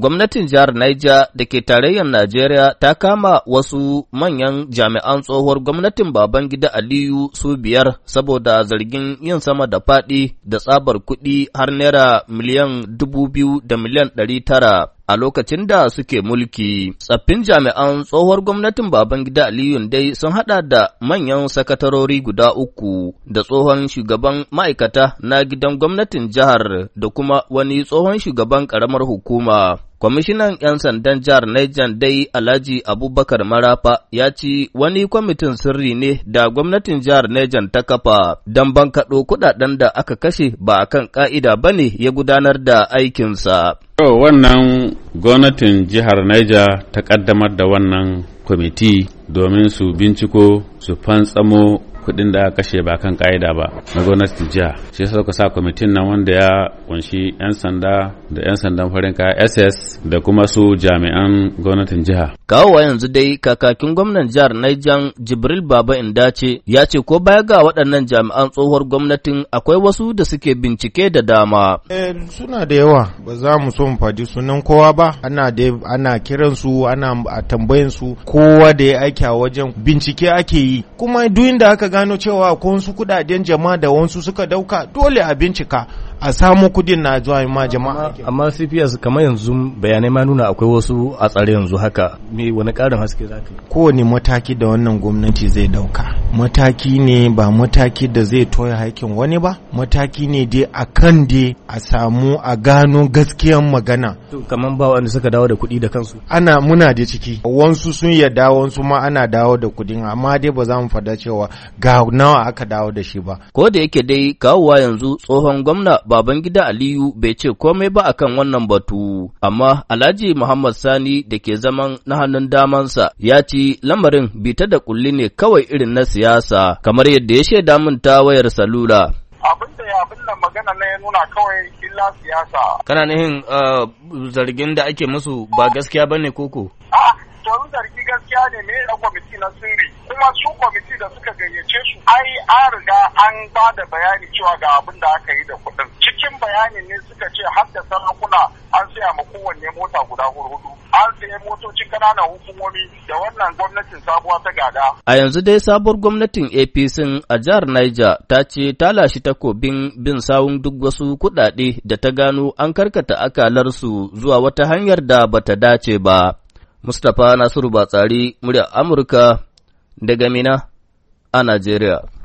Gwamnatin jihar Niger da ke tarayyar Najeriya ta kama wasu manyan jami'an tsohuwar gwamnatin Babangida Aliyu su biyar saboda zargin yin sama da faɗi da tsabar kuɗi har naira miliyan dubu biyu da miliyan ɗari tara a lokacin da suke mulki. Tsaffin jami'an tsohuwar gwamnatin Babangida Aliyu dai sun haɗa da manyan sakatarori guda uku da tsohon shugaban ma'aikata na gidan gwamnatin jihar da kuma wani tsohon shugaban ƙaramar hukuma. Kwamishinan ‘yan sandan jihar Niger dai Alhaji Abubakar Marafa ya ci wani kwamitin sirri ne da gwamnatin jihar Niger ta kafa don bankaɗo kuɗaɗen da aka kashe ba a kan ƙa'ida ba ne ya gudanar da aikinsa. Yau wannan gwamnatin jihar Niger ta ƙaddamar da wannan kwamiti domin su binciko su fantsamo kuɗin da kashe ba kan ƙa'ida ba na gwamnatin jiha shi yasa ka sa kwamitin nan wanda ya kunshi 'yan sanda da 'yan sandan farin kaya ss da kuma su jami'an gwamnatin jiha Kawowa yanzu dai kakakin gwamnan jihar Niger Jibril Baba Indace ya ce ko baya ga waɗannan jami'an tsohuwar gwamnatin akwai wasu da suke bincike da dama. Eh, suna da yawa ba za mu so mu faɗi sunan kowa ba ana da ana kiran su ana tambayan su kowa da ya aiki a wajen bincike ake yi kuma duk inda aka gano cewa akwai wasu kuɗaɗen jama'a da wasu suka ɗauka, dole a bincika. a samu kudin na zuwa ma jama'a amma cps kamar yanzu bayanai ma nuna akwai wasu a tsare yanzu haka me wani karin haske za ka kowane mataki da wannan gwamnati zai dauka mataki ne ba mataki da zai toya haƙƙin wani ba mataki ne dai a kan dai a samu a gano gaskiyan magana kamar ba wanda suka dawo da kuɗi da kansu ana muna da ciki wansu sun yadda wansu ma ana dawo da kuɗin amma dai ba za mu fada cewa ga nawa aka dawo da shi ba ko da yake dai kawowa yanzu tsohon gwamna baban gida Aliyu bai ce komai ba akan wannan batu, amma Alhaji Muhammad Sani da ke zaman na hannun damansa ya ci lamarin bita da kulli ne kawai irin na siyasa, kamar yadda ya shaida min ta wayar salula. Abin da abin da magana na ya nuna kawai illa siyasa. Kana nihin uh, zargin da ake musu ba gaskiya bane koko? Ah, zargi gaskiya ne me na kwamiti na sirri. kuma su kwamiti da suka gayyace su ai an riga an ba da bayani cewa ga abin da aka yi da kuɗi bayanin ne suka ce har da sarakuna an saya ma kowanne mota guda hudu an saya motocin kananan hukumomi da wannan gwamnatin sabuwa ta gada. A yanzu dai sabuwar gwamnatin APC a jihar Niger ta ce ta lashe takobin bin sawun duk wasu kuɗaɗe da ta gano an karkata akalarsu zuwa wata hanyar da bata dace ba. Mustapha Nasiru Batsari, murya Amurka daga Mina a Najeriya.